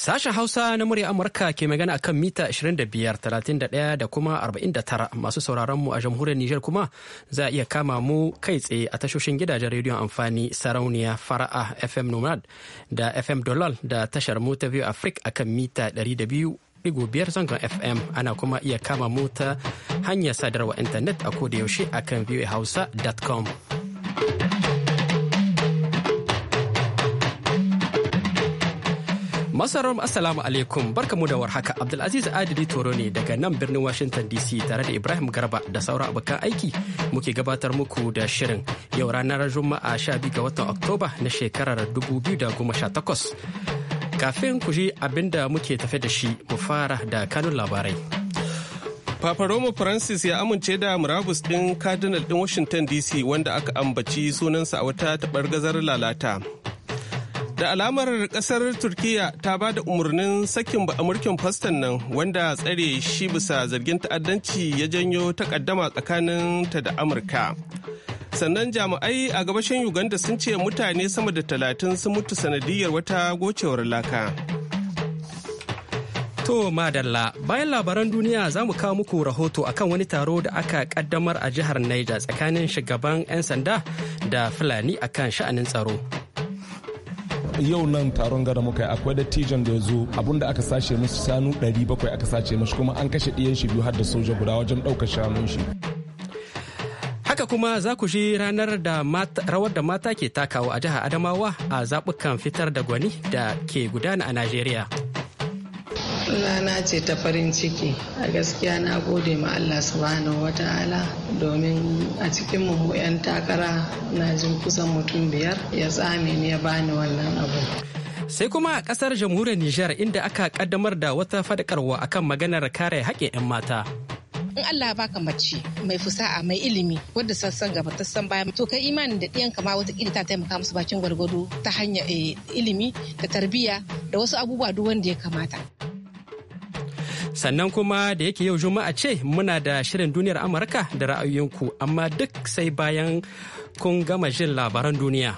Sashen Hausa na murya Amurka ke magana akan mita 25, 31 da kuma 49 masu sauraron mu a jamhuriyar Nijar kuma za a iya kama mu kai tsaye a tashoshin gidajen rediyon amfani sarauniya fara'a FM Nomad da FM Dolal da tashar mu ta biyu Afrik akan mita 200 biyar zangon FM ana kuma iya kama mu ta hanyar sadarwa intanet a kodayaushe akan voahausa.com. Masarar Assalamu alaikum barkamu da warhaka Abdulaziz Adili Toro ne daga nan birnin Washington DC tare da Ibrahim Garba da saura abokan aiki muke gabatar muku da shirin yau ranar Juma'a 12 ga watan Oktoba na shekarar 2018. Kafin ku ji abin da muke tafe da shi mu fara da kanun labarai. Papa Roma Francis ya amince da murabus ɗin kadinal ɗin Washington DC wanda aka ambaci sunansa a wata tabar gazar lalata. Da alamar kasar Turkiyya ta ba da umarnin sakin ba amurkin fastan nan wanda tsare shi bisa zargin ta'addanci ya janyo takaddama tsakanin ta da Amurka. Sannan jami'ai a gabashin Uganda sun ce mutane sama da talatin sun mutu sanadiyar wata gocewar laka. To madalla bayan labaran duniya za mu kawo muku rahoto akan wani taro da aka kaddamar a jihar Niger tsakanin shugaban 'yan sanda da Fulani akan sha'anin tsaro. yau nan taron gada muka akwai dattijan da ya zo abinda aka sace musu sanu 700 aka sace musu kuma an kashe ɗiyan shi biyu har da soja guda wajen ɗaukar shanun shi haka kuma za ku ji ranar da rawar da mata ke takawa a jihar adamawa a zaɓukan fitar da gwani da ke gudana a najeriya rana ce ta farin ciki a gaskiya na gode ma Allah subhanahu wata'ala domin a cikin mu 'yan takara na jin kusan mutum biyar ya tsame ne ya bani wannan abu sai kuma a kasar jamhuriyar Nijar inda aka kaddamar da wata fadakarwa akan maganar kare haƙƙin 'yan mata. in Allah baka mace mai fusa'a mai ilimi wadda sassan gaba ta san baya to kai imanin da ɗiyan wata watakila ta taimaka musu bakin gwargwado ta hanyar eh, ilimi da tarbiyya da wasu abubuwa duk wanda ya kamata. sannan kuma da yake yau juma'a ce muna da shirin duniyar amurka da ra'ayoyinku amma duk sai bayan kun gama jin labaran duniya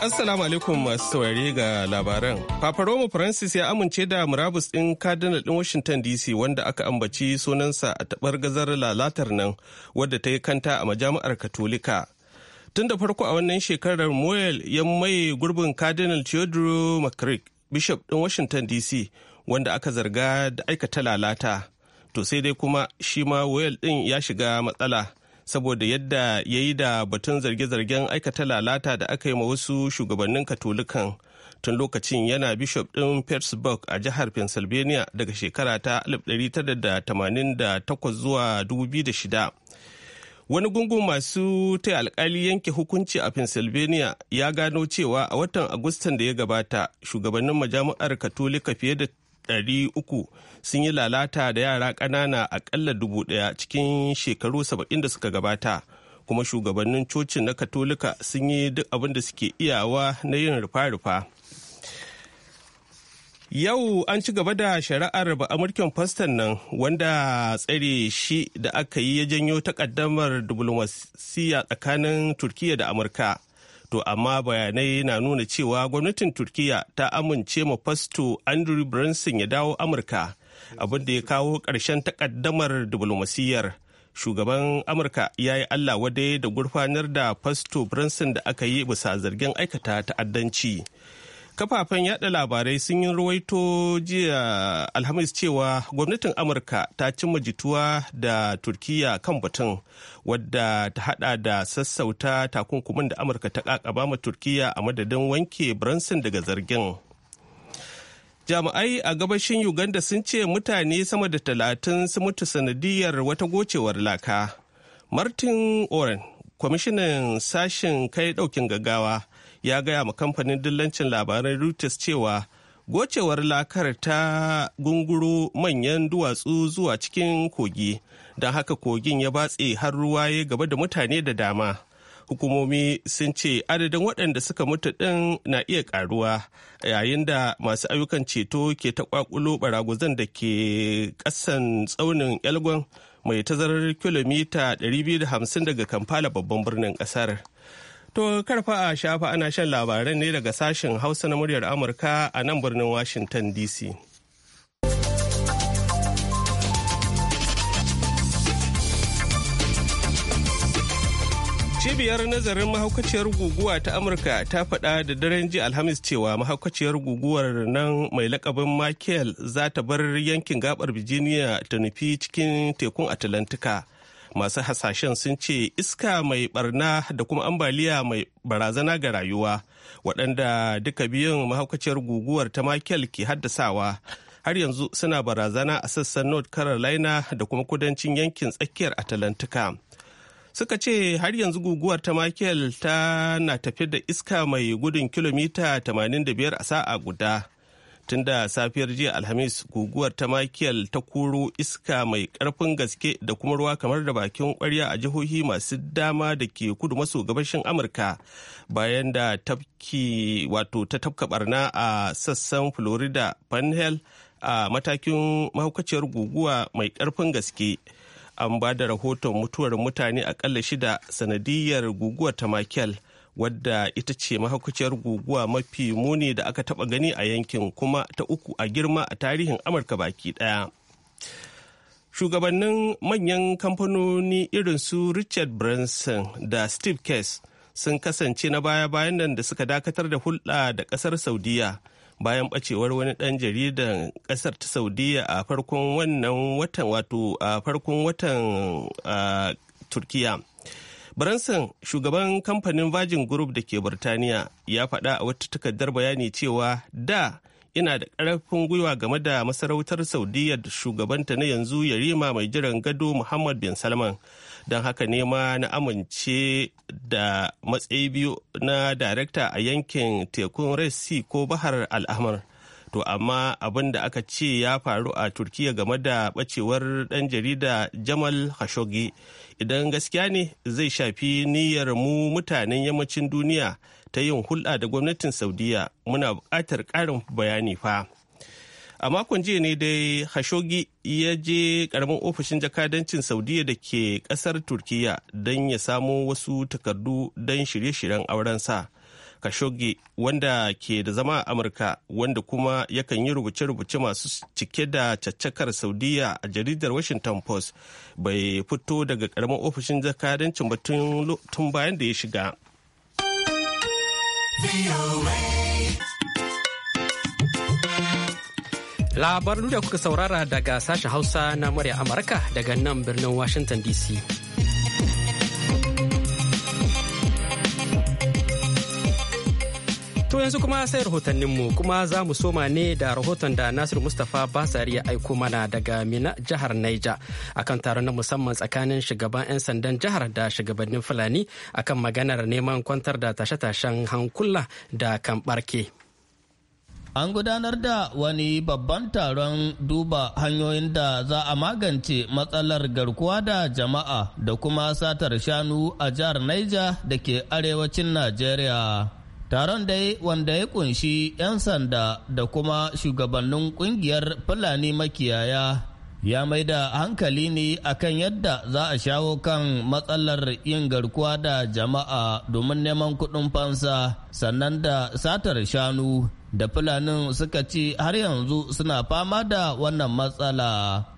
Assalamu alaikum masu saurari ga labaran. Papa Roma Francis ya amince da murabus ɗin kadinal ɗin Washington DC wanda aka ambaci sunansa a taɓar gazar lalatar nan wadda ta yi kanta a majami'ar Katolika. Tun da farko a wannan shekarar Moyel ya maye gurbin Cardinal Theodore McCrick, Bishop ɗin Washington DC, wanda aka zarga da aikata lalata. To sai dai kuma shi ma Moyel ɗin ya shiga matsala saboda yadda ya yi da batun zarge-zargen aikata lalata da aka yi ma wasu shugabannin katolikan. tun lokacin yana bishop ɗin pittsburgh a jihar pennsylvania daga shekara ta 1988 zuwa 2006 wani gungu masu taya alkali yanke hukunci a pennsylvania ya gano cewa a watan agustan da ya gabata shugabannin majami'ar katolika fiye da ɗari uku sun yi lalata da yara ƙanana akalla dubu ɗaya cikin shekaru 70 da suka gabata kuma shugabannin cocin na katolika sun yi duk abin da suke iyawa na yin rufa-rufa Yau an ci gaba da shari'ar ba'amurken faston nan wanda tsare shi da aka yi ya janyo takaddamar diplomasiya tsakanin Turkiyya da Amurka. To amma bayanai na nuna cewa gwamnatin Turkiyya ta amince ma fasto Andrew Branson ya dawo Amurka abinda ya kawo ƙarshen takaddamar diplomasiyar. Shugaban Amurka ya yi Allah wadai da gurfanar da fasto Branson da aka yi bisa zargin aikata ta'addanci. kafafen yada labarai sun yi ruwaito jiya alhamis cewa gwamnatin amurka ta cimma jituwa da turkiya kan batun wadda ta hada da sassauta takunkumin da amurka ta kakaba ma turkiya a madadin wanke branson daga zargin jami'ai a gabashin uganda sun ce mutane sama da talatin sun mutu sanadiyar wata gocewar laka martin oren kwamishinan sashen kai daukin gaggawa ya gaya ma kamfanin dillancin labaran Reuters cewa gocewar lakar ta gunguro manyan duwatsu zuwa cikin kogi don haka kogin ya batse har ruwa ya gaba da mutane da dama hukumomi sun ce adadin waɗanda suka mutu ɗin na iya ƙaruwa yayin da masu ayyukan ceto ke ta ƙwaƙulo baraguzan da ke ƙasan tsaunin elgon mai tazarar kilomita 250 daga Kampala babban birnin ƙasar. To karfa a shafa ana shan labaran ne daga sashen Hausa na muryar Amurka a nan birnin Washington DC. Cibiyar nazarin mahaukaciyar guguwa ta Amurka ta faɗa da daren ji Alhamis cewa mahaukaciyar guguwar nan mai lakabin Michael za ta bar yankin gabar Virginia ta nufi cikin tekun Atlantika. masu hasashen sun ce iska mai barna da kuma ambaliya mai barazana ga rayuwa waɗanda duka biyun mahaukaciyar guguwar ta michael ke haddasawa har yanzu suna barazana a sassan north carolina da kuma kudancin yankin tsakiyar atalantika suka ce har yanzu guguwar ta michael tana tafi da iska mai gudun kilomita 85 a sa'a guda tun da safiyar jiya alhamis guguwar ta makiyal ta koro iska mai karfin gaske da kuma ruwa kamar da bakin kwarya a jihohi masu dama da ke kudu maso gabashin amurka bayan da tafki wato ta tafka barna a sassan florida panhel a matakin mahaukaciyar guguwa mai karfin gaske an ba da rahoton mutuwar mutane akalla shida sanadiyar guguwar ta makiyal wadda ita ce mahaukaciyar guguwa mafi muni da aka taba gani a yankin kuma ta uku a girma a tarihin amurka baki daya shugabannin manyan kamfanoni irin su richard branson da steve case sun kasance na baya-bayan nan da suka dakatar da hulɗa da ƙasar saudiya bayan ɓacewar wani ɗan jaridan ƙasar ta saudiya a farkon wannan watan wato a farkon watan turkiya Branson shugaban kamfanin Virgin Group da ke Burtaniya ya faɗa a wata takardar bayani cewa da ina da ƙarfin gwiwa game da masarautar Saudiya da shugabanta na yanzu Yarima mai jiran gado Muhammad bin Salman. Don haka ne ma na amince da matsayi biyu na darakta a yankin tekun Red Sea ko Bahar Al'amar. to amma abin da aka ce ya faru a turkiya game da bacewar dan jarida jamal khashoggi idan gaskiya ne zai shafi niyyar mu mutanen yammacin duniya ta yin hulɗa da gwamnatin saudiya muna buƙatar ƙarin bayani fa a makon jiya ne dai hashogi ya je karamin ofishin jakadancin saudiya da ke ƙasar turkiya don ya samo wasu takardu don shirye-shiryen aurensa Khashoggi wanda ke da zama a Amurka wanda kuma yakan yi rubuce-rubuce masu cike da caccakar Saudiya a jaridar Washington Post bai fito daga karamin ofishin jakadancin ba tun bayan da ya shiga. Labaru da kuka saurara daga sashen Hausa na murya Amurka daga nan birnin Washington DC. To yanzu kuma sai rahotanninmu kuma za mu soma ne da rahoton da Nasir Mustapha Basari ya aiko mana daga Mina jihar Niger akan taron na musamman tsakanin shugaban 'yan sandan jihar da shugabannin Fulani akan maganar neman kwantar da tashe-tashen hankula da kan barke. An gudanar da wani babban taron duba hanyoyin da za a magance matsalar garkuwa da jama'a da kuma satar shanu a jihar niger da ke arewacin Najeriya. taron dai wanda ya kunshi 'yan sanda da kuma shugabannin kungiyar fulani makiyaya ya mai da hankali ne akan yadda za a shawo kan matsalar yin garkuwa da jama'a domin neman kuɗin fansa sannan da satar shanu da fulanin suka ci har yanzu suna fama da wannan matsala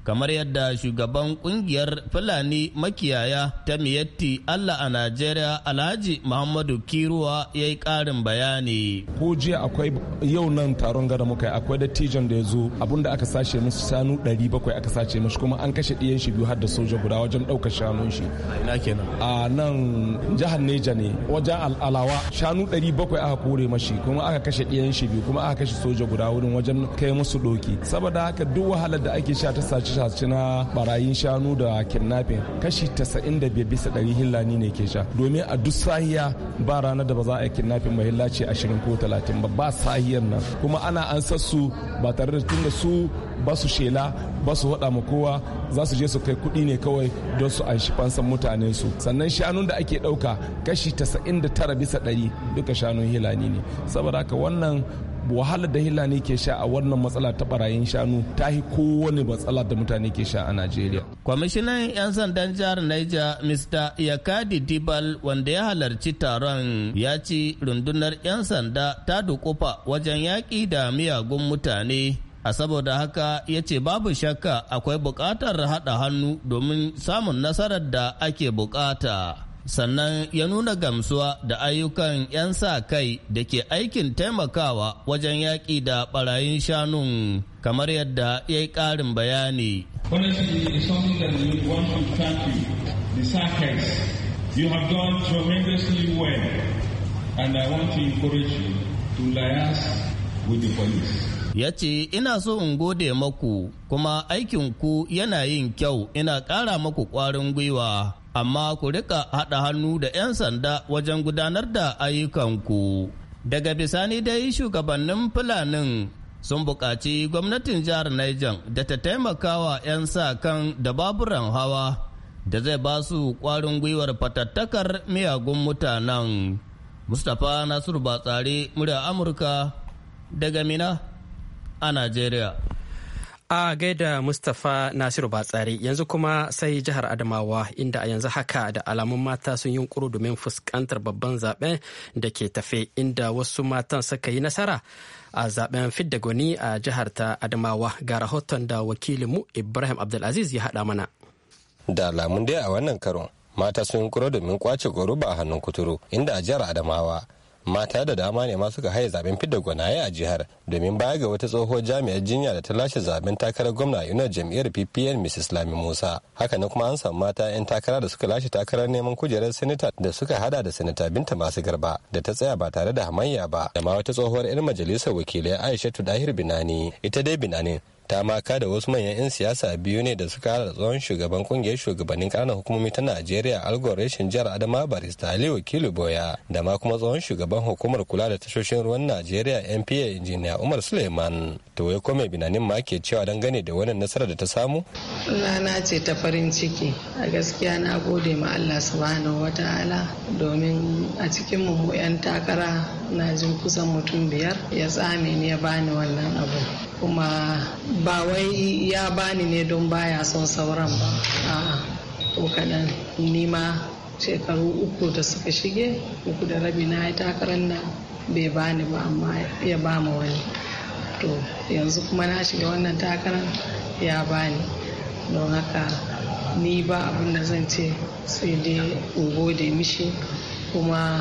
kamar yadda shugaban kungiyar fulani makiyaya ta miyatti allah a najeriya alhaji muhammadu kiruwa ya yi karin bayani ko jiya akwai yau nan taron gada muka akwai dattijan da ya zo abinda aka sace musu shanu 700 aka sace mashi kuma an kashe ɗiyan shi biyu har da soja guda wajen ɗauka shanun shi ina kenan a nan jihar neja ne wajen alawa shanu 700 aka kore mashi kuma aka kashe ɗiyan shi biyu kuma aka kashe soja guda wurin wajen kai musu doki saboda haka duk wahalar da ake sha ta sace sace na barayin shanu da kidnapping kashi 95 bisa ɗari hillani ne ke sha domin a duk sahiya ba ranar da ba za a yi kidnapping mai hillaci 20 ko 30 ba ba sahiyar nan kuma ana an su ba tare da tunda su ba su shela ba su hada ma kowa za su je su kai kuɗi ne kawai don su an shi fansan mutanen su sannan shanun da ake ɗauka kashi 99 bisa ɗari duka shanun hilani ne saboda haka wannan wahalar da hila ne ke sha a wannan matsala ta barayin shanu ta yi kowane matsala da mutane ke sha a najeriya kwamishinan 'yan sandan jihar niger mr yakadi dibal wanda ya halarci taron ya ci rundunar 'yan sanda ta dukufa wajen yaƙi da miyagun mutane a saboda haka ya ce babu shakka akwai buƙatar haɗa hannu domin samun nasarar da ake buƙata. sannan ya nuna gamsuwa da ayyukan 'yan sa kai da ke aikin taimakawa wajen yaƙi da barayin shanun kamar yadda ya yi ƙarin bayani. You have done tremendously well, and I want to encourage you to liaise with the police. ya ce ina so in gode maku kuma aikin ku yana yin kyau ina ƙara maku ƙwarin gwiwa amma ku rika haɗa hannu da 'yan sanda wajen gudanar da ayyukanku. Daga bisani dai shugabannin Fulanin sun buƙaci gwamnatin jihar Niger da ta taimakawa 'yan sa kan dababuran hawa da zai ba su ƙwarin gwiwar fatattakar miyagun mutanen. Mustapha Nasiru Batsari, murya Amurka daga Mina a Najeriya. A gaida Mustapha Nasiru Batsari yanzu kuma sai jihar Adamawa inda a yanzu haka da alamun mata sun yunkuru domin fuskantar babban zaben da ke tafe inda wasu matan suka yi nasara a zaɓen fidda gwani a jihar ta Adamawa ga rahoton da wakilinmu Ibrahim Abdulaziz ya haɗa mana. Da alamun dai a wannan karon mata sun yunkuru domin kwace goruba a hannun kuturu inda a jihar Adamawa mata da dama ne ma suka haye zaben fidda gwanaye a jihar domin baya ga wata tsohuwar jami'ar jinya da ta lashe zaben takarar gwamna a yunar jam'iyyar ppn mrs lami musa haka na kuma an samu mata 'yan takara da suka lashe takarar neman kujerar senata da suka hada da sinita binta masu garba da ta tsaya ba tare da hamayya ba da ma wata tsohuwar 'yan majalisar wakilai aisha dahir binani ita dai binanin ta maka da wasu manyan 'yan siyasa biyu ne da suka hada tsohon shugaban kungiyar shugabannin kananan hukumomi ta najeriya algon jihar adama barista ali wakilu boya da ma kuma tsohon shugaban hukumar kula da tashoshin ruwan najeriya npa injiniya umar suleiman to wai ko mai binanin ma ke cewa gane da wannan nasarar da ta samu na ce ta farin ciki a gaskiya na gode ma allah subhanahu wataala domin a cikin mu 'yan takara na jin kusan mutum biyar ya tsame ni ya bani wannan abu kuma ba wai ya bani ne don baya son sauran ba a'a ko kaɗan nima shekaru uku da suka shige uku da rabi na ya takarar nan bai bani ba amma ya ba ma wani to yanzu kuma na shiga wannan takarar ya bani don haka ni ba abin da zan ce sai dai ungo da mishi kuma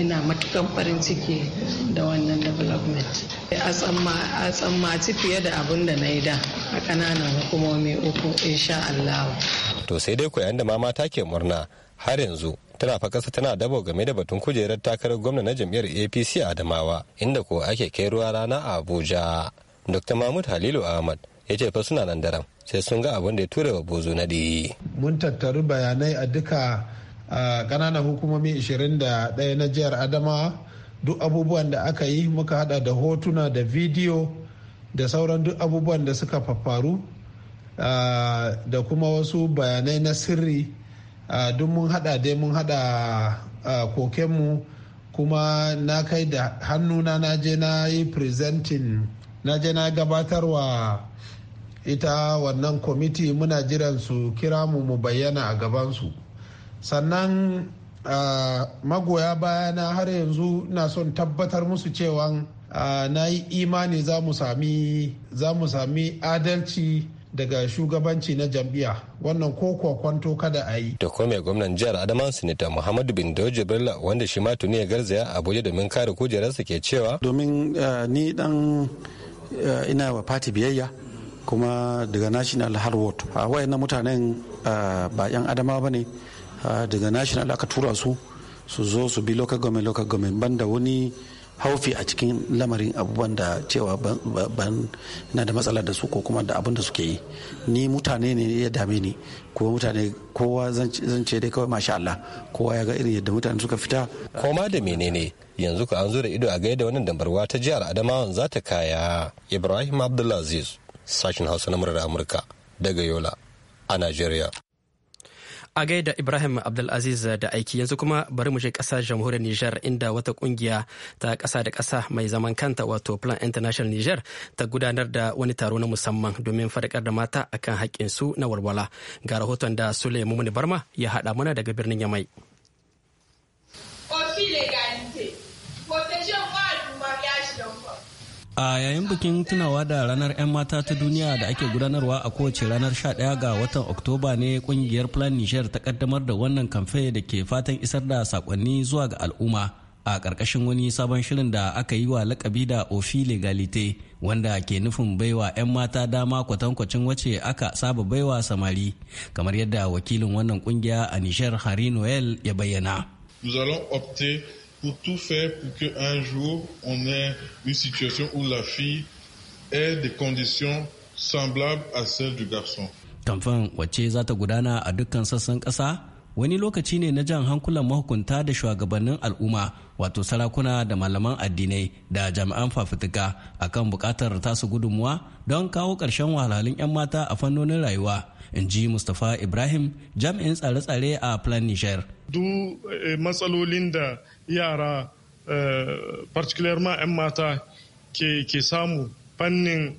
ina matukan farin ciki da wannan development a tsammaci fiye da abin da na yi da a ƙananan hukumomi uku sha Allah. to sai dai koyan da ma mata ke murna har yanzu tana fa kasa tana dabo game da batun kujerar takarar gwamna na jam'iyyar apc adamawa inda ko ake kai ruwa rana a abuja dr mahmud halilu ahmad ya ce fa suna nan daram sai sun ga abin da ya tura wa bozo na mun tattaru bayanai a duka kananan hukumomi 21 na jihar adama duk abubuwan da aka yi muka hada da hotuna da bidiyo da sauran duk abubuwan da suka faru da kuma wasu bayanai na sirri duk mun hada dai mun hada kokenmu kuma na kai da hannuna na je na yi presenting na je na gabatarwa ita wannan kwamiti muna jiran su kira mu mu bayyana a gabansu. sannan ah, magoya bayana har yanzu na son tabbatar musu cewa ah, na yi imani za mu sami adalci daga shugabanci na jam'iyya wannan ko kwanto kada a yi. Da kome gwamnan jihar Adama Sinita Muhammadu bin Doje Bello wanda shi ma tuni ya garzaya Abuja domin kare kujerarsa ke cewa. Domin ah, ni dan ina wa fati biyayya kuma daga national har ward. A wayan mutanen ba 'yan Adama ba ne. Ah, daga national aka tura su su zo su bi local government local government da wani haufi a cikin lamarin abubuwan da cewa ban na da matsala da su ko kuma da abin da suke yi ni mutane ne ya dame ni kuma mutane kowa zan ce dai kawai masha Allah kowa ya ga irin yadda mutane suka fita koma da menene yanzu ka an zo da ido a gaida wannan dambarwa ta jihar Adamawan za ta kaya Ibrahim Abdulaziz sashin Hausa na murar Amurka daga Yola a Najeriya a gaida ibrahim abdulaziz da aiki yanzu kuma bari mu je kasar jamhuriyar niger inda wata kungiya ta kasa da kasa mai zaman kanta wato plan international niger ta gudanar da wani taro na musamman domin farkar da mata akan haƙƙinsu na walwala ga rahoton da sule mumuni barma ya haɗa mana daga birnin yamai a yayin bikin tunawa da ranar 'yan mata ta duniya da ake gudanarwa a kowace ranar 11 ga watan oktoba ne kungiyar plan niger ta kaddamar da wannan kamfe da ke fatan isar da sakonni zuwa ga al'umma a ƙarƙashin wani sabon shirin da aka yi wa lakabi da ofi legalite wanda ke nufin baiwa 'yan mata dama kwatankwacin wace aka saba baiwa samari kamar yadda wakilin wannan kungiya a niger harinoel noel ya bayyana pour tout faire pour qu'un jour on ait une situation où la fille ait des conditions semblables à celles du garçon. Kamfan wacce za ta gudana a dukkan sassan ƙasa wani lokaci ne na jan hankulan mahukunta da shugabannin al'umma wato sarakuna da malaman addinai da jami'an fafutuka a kan buƙatar tasu gudunmuwa don kawo ƙarshen wahalhalun 'yan mata a fannonin rayuwa in ji mustapha ibrahim jami'in tsare-tsare a plan niger duk eh, matsalolin da yara eh, particularly 'yan mata ke samu fannin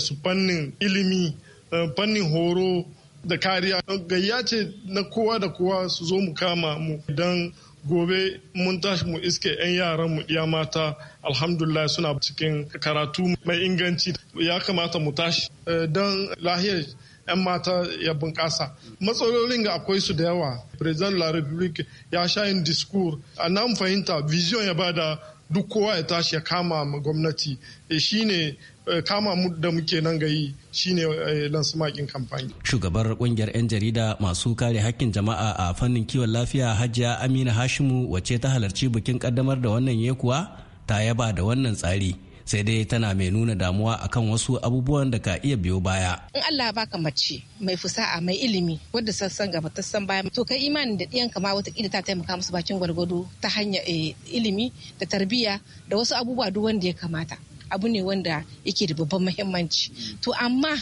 su fannin ilimi eh, fannin horo da kariya gayya ce na kowa da kowa su zo mu kama mu idan gobe mun tashi mu iske 'yan yaran mu iya mata alhamdulillah suna cikin karatu mai inganci ya kamata mu tashi eh, don lahiyar 'yan mata ya bunƙasa matsalolin ga akwai su da yawa president la republique ya sha yin discours a nan fahimta vision ya ba da duk kowa ya tashi ya kama ma gwamnati eh, ne eh, kama mu da muke nan gayi shine eh, makin kamfani. Shugabar kungiyar 'yan jarida masu kare hakkin jama'a a fannin kiwon lafiya Hajiya Amina Hashimu wace ta halarci bikin kaddamar da wannan yekuwa ta yaba da wannan tsari. sai dai tana mai nuna damuwa akan wasu abubuwan da ka iya biyo baya in Allah ba baka mace mai fusa'a mai ilimi wadda sassan gaba ta san baya to kai imanin da ɗiyanka ma wata ta taimaka musu bakin gwargwado ta hanyar eh, ilimi da tarbiyya da wasu abubuwa duk wanda ya kamata abu ne wanda yake da babban muhimmanci to amma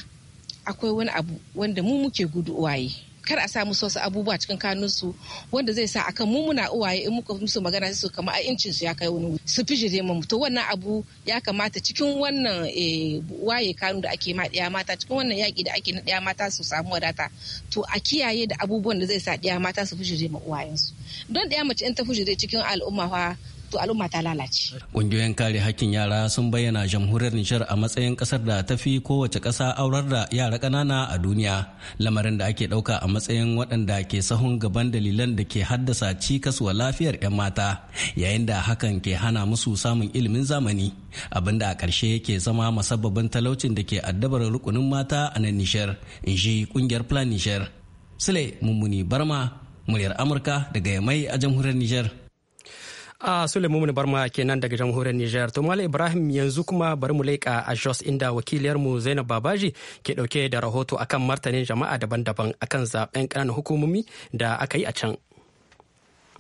akwai wani abu wanda mu muke gudu waye kar a sa musu wasu abubuwa cikin kanunsu wanda zai sa akan mu muna uwaye in muka musu magana su kama a incin su ya kai wani su fijire mu to wannan abu ya kamata cikin wannan eh, waye kanu da ake ma ɗaya mata cikin wannan yaƙi da ake na ɗaya mata su samu wadata to a kiyaye da abubuwan da zai sa ɗaya mata su fijire ma uwayensu don ɗaya mace in ta fijire cikin al'umma fa to al'umma ta lalace. Ƙungiyoyin kare hakkin yara sun bayyana jamhuriyar Nijar a matsayin ƙasar da ta fi kowace ƙasa aurar da yara ƙanana a duniya, lamarin da ake ɗauka a matsayin waɗanda ke sahun gaban dalilan da ke haddasa cikas wa lafiyar 'yan mata, yayin da hakan ke hana musu samun ilimin zamani, abinda a ƙarshe ke zama masababin talaucin da ke addabar rukunin mata a nan Nijar, in ji ƙungiyar Plan Nijar. Sule Mummuni Barma, muryar Amurka daga Yamai a jamhuriyar Nijar. a bar ma kenan daga jamhuriyar nijar to malam ibrahim yanzu kuma bari mu laika a jos inda wakiliyar mu zainab babaji ke dauke da rahoto akan martanin jama'a daban-daban akan zaben ƙananan hukumomi da aka yi a can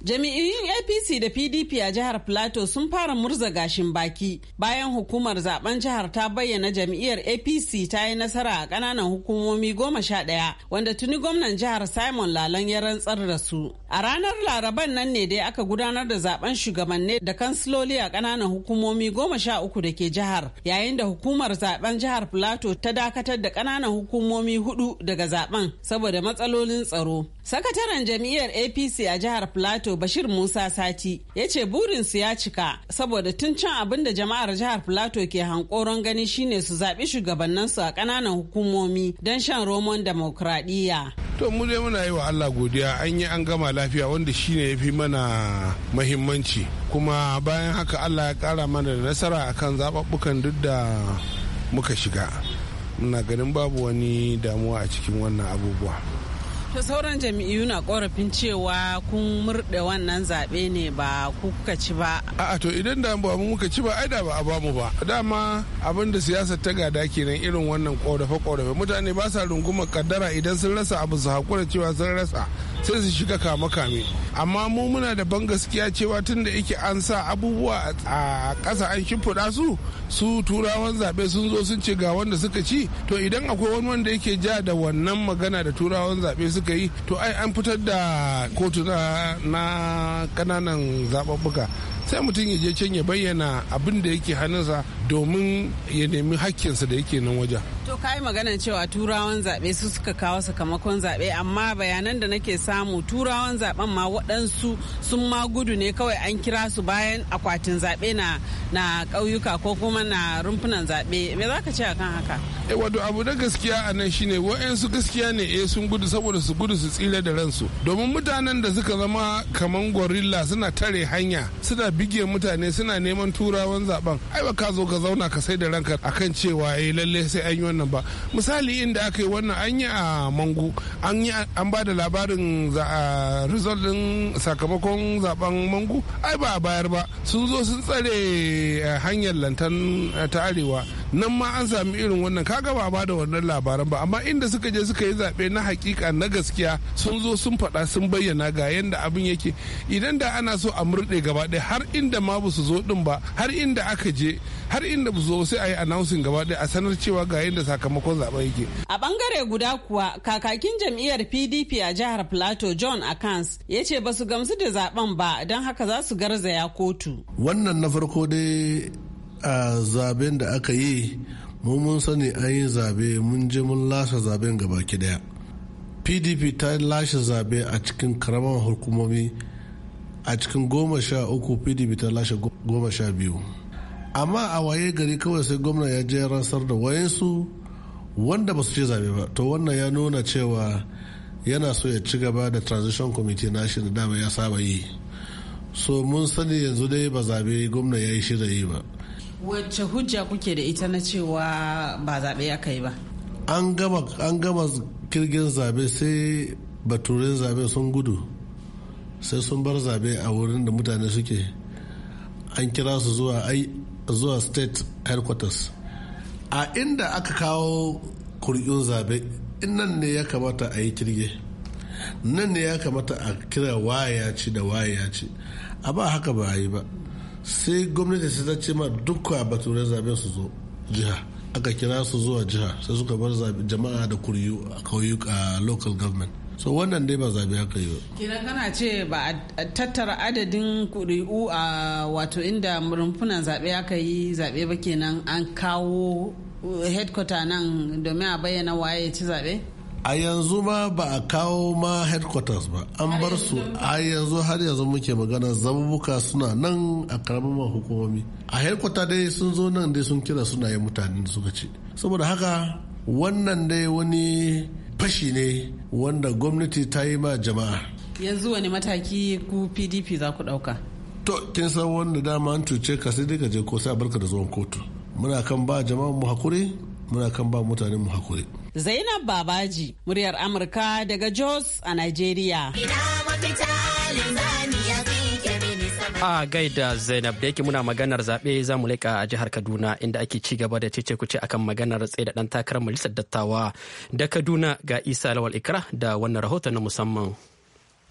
Jami'in APC da PDP a jihar Plateau sun fara murza gashin baki bayan hukumar zaben jihar ta bayyana jam'iyyar APC ta yi nasara a kananan hukumomi goma sha daya wanda tuni gwamnan jihar Simon lalan ya rantsar da su. A ranar Laraban nan ne dai aka gudanar da zaben shugabanni da kansiloli a kananan hukumomi goma sha uku da ke jihar yayin da hukumar zaben jihar Plateau ta dakatar da kananan hukumomi hudu daga zaben saboda matsalolin tsaro. Sakataren jam'iyyar APC a jihar Plateau Bashir Musa Sati ya ce burinsu ya cika saboda tun can abin da jama'ar jihar Plateau ke hankoron gani shine su zaɓi shugabanninsu a ƙananan hukumomi don shan romon demokradiyya. To mu dai muna yi wa Allah godiya an yi an gama lafiya wanda shine ya fi mana mahimmanci kuma bayan haka Allah ya ƙara mana da nasara akan zaɓaɓɓukan duk da muka shiga. Muna ganin babu wani damuwa a cikin wannan abubuwa. To sauran jam'iyyu na korafin cewa kun murɗe wannan zaɓe ne ba ku kuka ci ba. A'a to idan da ba mu muka ci ba ai da ba a bamu ba. Dama abin da siyasar ta gada kenan irin wannan korafe korafe mutane ba sa rungumar kaddara idan sun rasa abu su hakura cewa sun rasa sai su shiga kama kame. Amma mu muna da ban gaskiya cewa tun da yake an sa abubuwa a ƙasa an shimfiɗa su su turawan zaɓe sun zo sun ce ga wanda suka ci to idan akwai wani wanda yake ja da wannan magana da turawan zaɓe suka yi to ai an fitar da kotu na kananan zaɓaɓɓuka sai mutum ya je can ya bayyana abin da yake hannunsa domin ya nemi hakkinsa da yake nan waje To kai maganan cewa turawan zaɓe su suka kawo sakamakon zaɓe amma bayanan da nake samu turawan zaɓen ma waɗansu sun ma gudu ne kawai an kira su bayan akwatin zaɓe na na ƙauyuka ko kuma na rumfunan zaɓe me za ka ce akan haka? E wato abu na gaskiya a nan shine wa'yansu gaskiya ne eh sun gudu saboda su gudu su tsira da ransu domin mutanen da suka zama kaman gorilla suna tare hanya suna bige mutane suna neman turawan zaɓen ai ba ka zo ka zauna ka sai da ranka akan cewa eh lalle sai an yi wannan ba misali inda aka yi wannan an yi a mangu an ba da labarin result din sakamakon zaben mangu ai ba a bayar ba sun zo sun tsare eh, hanyar lantan eh, ta arewa nan ma an sami irin wannan kaga ba ba da wannan labaran ba amma inda suka je suka yi zaɓe na hakika na gaskiya sun zo sun faɗa sun bayyana ga yadda abin yake idan da ana so a murɗe gaba ɗaya har inda ma ba su zo ɗin ba har inda aka je har inda ba zo sai a yi announcing gaba ɗaya a sanar cewa ga yadda sakamakon zaɓen yake. A bangare guda kuwa kakakin jam'iyyar PDP a jihar Plateau John Akans ya ce ba su gamsu da zaben ba don haka za su garzaya kotu. Wannan na farko dai a zaben da aka yi mu mun sani an yi zabe mun je mun lashe zaben gaba daya pdp ta lashe zabe a cikin karamar hukumomi a cikin goma sha uku pdp ta lashe goma sha biyu amma a waye gari kawai sai gwamna ya je ransar da wayansu wanda ba su ce zabe ba to wannan ya nuna cewa yana so ya ci gaba da transition committee na shi da dama ya saba yi so mun sani yanzu dai ba zabe gwamna ya yi shi da yi ba wacce hujja kuke da ita na cewa ba zaɓe aka yi ba an gama an gama kirgin zabe sai baturin zabe sun gudu sai sun bar zabe a wurin da mutane suke an kira su zuwa zuwa state headquarters a inda aka kawo kurgin zabe nan ne ya kamata a yi kirge nan ne ya kamata a kira waya ci da waya ci a ba haka ba a yi ba sai gwamnati sai ta ce ma dukkan baturai zaben su zo jiha aka kira su zuwa jiha sai suka bar jama'a da kuriyu a kauyuka local government so wannan dai ba zabe aka yi ba Kira kana ce ba a tattara adadin kuri'u a wato inda rumfunan zabe aka yi zabe ba kenan an kawo eh, headquarter nan domin a bayyana waye ci zabe a yanzu ma ba a kawo ma headquarters ba an bar su a yanzu har yanzu muke magana zabubuka suna nan a karamin hukumomi a headquarters dai sun zo nan dai sun kira sunayen mutanen da suka ce saboda haka wannan dai wani fashi ne wanda gwamnati ta yi ma jama'a yanzu wani mataki ku pdp za ku dauka to kin san wanda dama an cuce ka sai ka je ko sai barka da zuwan kotu muna kan ba jama'a mu hakuri muna kan ba mutanen mu hakuri Zainab Babaji, muryar Amurka daga Jos a Najeriya. A gaida Zainab da yake muna maganar zaɓe za mu laika a jihar Kaduna inda ake ci gaba da cece kuce akan maganar tsaye da ɗan takarar majalisar dattawa da Kaduna ga Isa Lawal Ikra da wannan rahoton na musamman.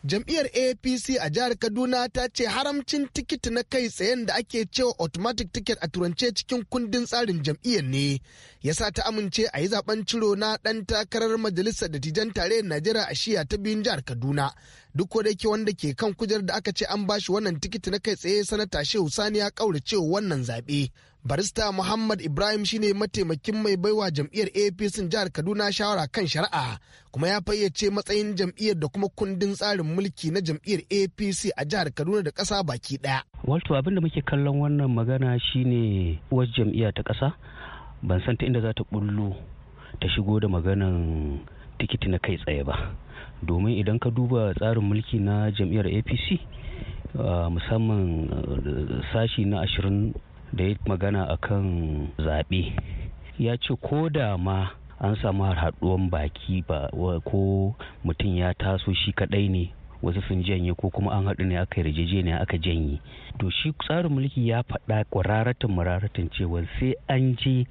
jam'iyyar apc a jihar kaduna ta ce haramcin tikiti na kai tsayen da ake cewa automatic ticket a turance cikin kundin tsarin jam'iyyar ne ya sa ta amince a yi zaben ciro na ɗan takarar majalisar dattijan tarayyar najeriya a shiya ta biyun jihar kaduna duk ko da wanda ke kan kujerar da aka ce an bashi wannan tikiti na kai tsaye sanata shehu sani ya kaurace wannan zaɓe barista muhammad ibrahim shine mataimakin mai baiwa jam'iyyar apc jihar kaduna shawara kan shari'a kuma ya fayyace matsayin jam'iyyar da kuma kundin tsarin mulki na jam'iyyar apc a jihar kaduna da kasa baki ɗaya. wato abin da muke kallon wannan magana shine wasu jam'iyya ta kasa ban san ta inda za ta bullo ta shigo da maganan tikiti na kai tsaye ba domin idan ka duba tsarin mulki na jam'iyyar apc musamman sashi na ashirin da ya magana akan zaɓe ya ce ko da ma an samu haɗuwan baki ba ko mutum ya taso shi kaɗai ne wasu sun janye ko kuma an haɗu ne aka ne aka janye to shi tsarin mulki ya faɗa kwararatin mararatin cewa sai an je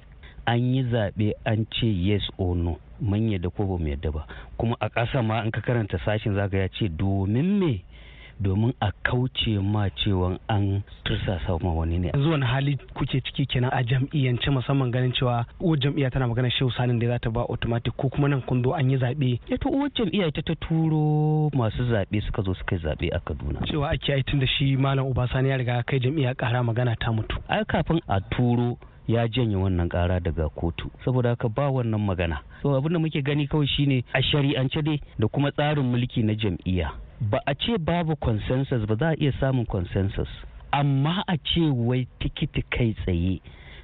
an yi zaɓe an ce yes or no mun yadda ko ba mu yadda ba kuma a ƙasa ma in ka karanta sashen zaka ya ce domin me domin a kauce ma cewa an tursa sauma wani ne. Yanzu wani hali kuke ciki kenan a jam'iyyance musamman ganin cewa uwar jam'iyya tana magana shehu sanin da za ta ba automatic ko kuma nan kundo an yi zaɓe. Ya eh to uwar jam'iyya ita ta turo masu zaɓe suka zo suka yi zaɓe a Kaduna. Cewa ake yi tun da shi Malam Sani ya riga kai jam'iyya ƙara magana ta mutu. Ai kafin a turo ya janye wannan kara daga kotu saboda haka ba wannan magana so abin muke gani kawai shine a shari'ance dai da kuma tsarin mulki na jam'iyya ba a ce babu consensus ba za a iya samun consensus amma a ce wai tikiti kai tsaye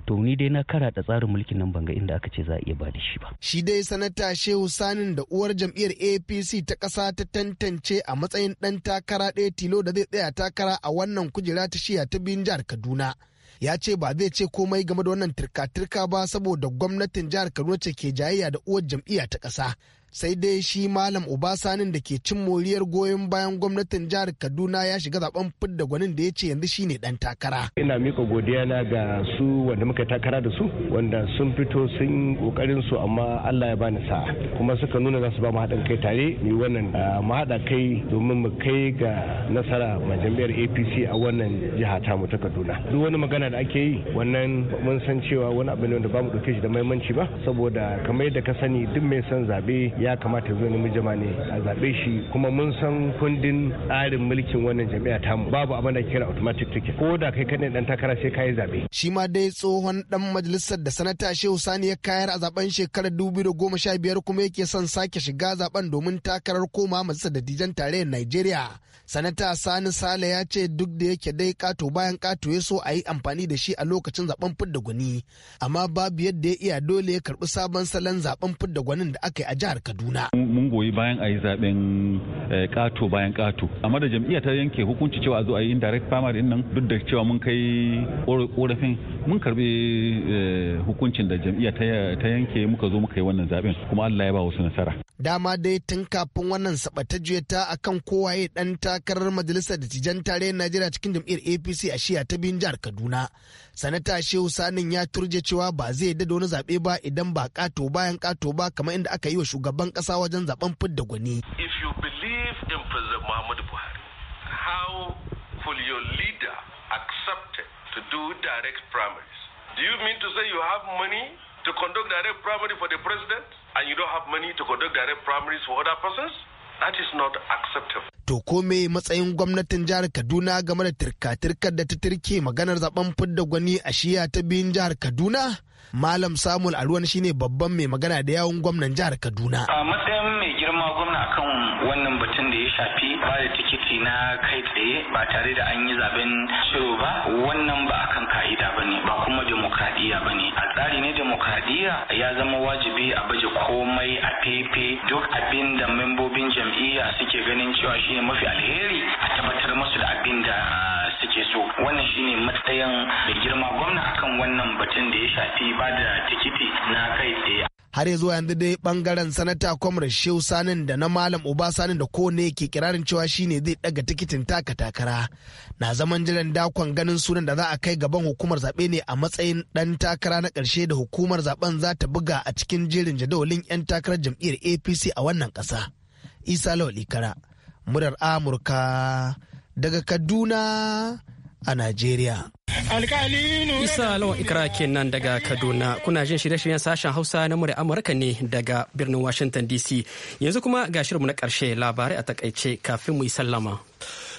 to ni dai na kara da tsarin mulkin nan banga inda aka ce za a iya ba da shi ba. Shi dai sanata Shehu Sanin da uwar jam'iyyar APC ta ƙasa ta tantance a matsayin ɗan takara ɗaya tilo da zai tsaya takara a wannan kujera ta shiya ta biyun jihar Kaduna. ya ce ba zai ce komai game da wannan turka-turka ba saboda gwamnatin jihar kaduna ce ke jayayya da uwar jam'iyya ta ƙasa sai dai shi malam ubasanin da ke cin moriyar goyon bayan gwamnatin jihar kaduna ya shiga zaben fidda gwanin da ya ce yanzu shine dan takara ina mika godiya na ga su wanda muka takara da su wanda sun fito sun kokarin su amma allah ya bani sa kuma suka nuna za su ba mu haɗin kai tare mu wannan ah, mu haɗa kai domin mu kai ga nasara ma jami'ar apc a wannan jiha ta mu ta kaduna duk wani magana da ake yi wannan mun san cewa wani abu ne wanda ba mu ɗauke shi da mahimmanci ba saboda kamar yadda ka sani duk mai son zaɓe ya kamata zo nemi jama'a a zaɓe shi kuma mun san kundin tsarin mulkin wannan jami'a tamu babu abin da kira automatic ticket ko da kai kaɗai dan takara sai ka yi zaɓe. shi ma dai tsohon dan majalisar da sanata shehu sani ya kayar a zaben shekarar 2015 da goma biyar kuma yake son sake shiga zaben domin takarar koma majalisar dattijan tarayyar nigeria sanata sani sale ya ce duk da yake dai kato bayan kato ya so a yi amfani da shi a lokacin zaben fidda gwani amma babu yadda ya iya dole ya karbi sabon salon zaben fidda gwanin da aka yi a jihar Kaduna. Mun goyi bayan a yi zaben kato eh, bayan kato. Amma da jam'iyyar ta yanke hukunci cewa a zo a yi indirect primary nan duk da cewa mun kai korafin mun karbi eh, hukuncin da jam'iyyar ta yanke muka zo muka yi wannan zaben kuma Allah ya ba wasu nasara. Dama dai tun kafin wannan saɓatajiyar ta akan kowaye ɗan takarar majalisar dattijan tarayyar Najeriya cikin jam'iyyar APC a shiya ta biyun jihar Kaduna. sanata shehu sanin ya turje cewa ba zai yadda da wani zaɓe ba idan ba ƙato bayan ƙato ba kamar inda aka yi wa shugaban ƙasa wajen zaben fidda gwani. if you believe in president muhammadu buhari how could your leader accept to do direct primaries do you mean to say you have money to conduct direct primary for the president and you don't have money to conduct direct primaries for other persons that is not acceptable To ko me matsayin gwamnatin jihar Kaduna game da turka-turkar da ta turke maganar zaben fidda gwani a shiya ta biyun jihar Kaduna? Malam Samuel Aruwan shine babban mai magana da yawun gwamnan jihar Kaduna. shafi ba da tikiti na kai tsaye ba tare da an yi zaben ciro ba wannan ba akan ka'ida ba ne ba kuma demokradiyya ba ne a tsari ne demokradiyya ya zama wajibi a baje komai a fefe duk abin da membobin jam'iyya suke ganin cewa shine mafi alheri a tabbatar musu da abin da suke so wannan shine matsayin da girma gwamna kan wannan batun da ya shafi ba da tikiti na kai tsaye har zuwa yanzu dai bangaren sanata kwamrar shehu sanin da na malam uba sanin da kowane ke kirarin cewa shine zai daga tikitin taka takara na zaman jiran dakon ganin sunan da za a kai gaban hukumar zaɓe ne a matsayin ɗan takara na ƙarshe da hukumar zaben za ta buga a cikin jerin jadawalin 'yan takarar jam'iyyar apc a wannan ƙasa isa lawali kara, murar amurka daga kaduna a Najeriya. Isa Lawan Ikra kenan daga Kaduna kuna jin shirye-shiryen sashen Hausa na murya Amurka ne daga birnin Washington DC yanzu kuma ga shirinmu na ƙarshe labarai a takaice kafin mu yi sallama.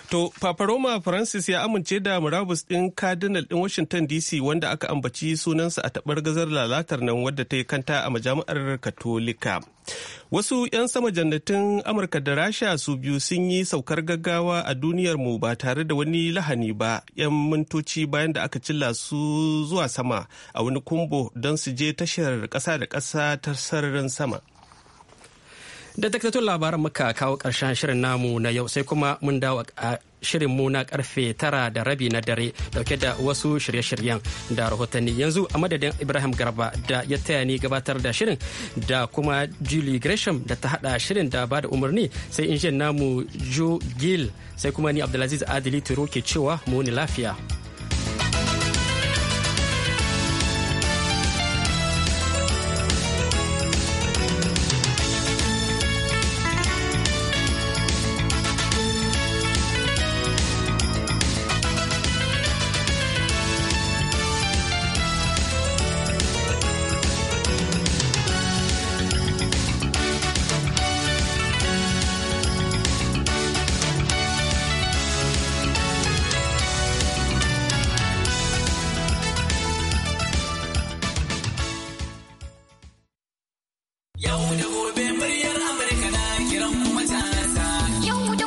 To, Papa Roma Francis ya amince da murabus ɗin Cardinal ɗin Washington DC wanda aka ambaci sunansa a taɓar gazar lalatar nan wadda ta yi kanta a majami'ar Katolika. Wasu 'yan sama jannatin Amurka da Rasha su biyu sun yi saukar gaggawa a duniyar mu ba tare da wani lahani ba 'yan mintoci bayan da aka cilla su zuwa sama a wani kumbo don su je tashar ƙasa da ƙasa ta sararin sama. da takaitattun labaran muka kawo karshen shirin namu na yau sai kuma mun dawo a shirin mu na karfe tara da rabi na dare dauke da wasu shirye-shiryen da rahotanni yanzu a madadin ibrahim garba da ya taya ni gabatar da shirin da kuma julie gresham da ta hada shirin da ba da umarni sai injin namu joe gill sai kuma ni abdulaziz adili turo ke cewa mu ni lafiya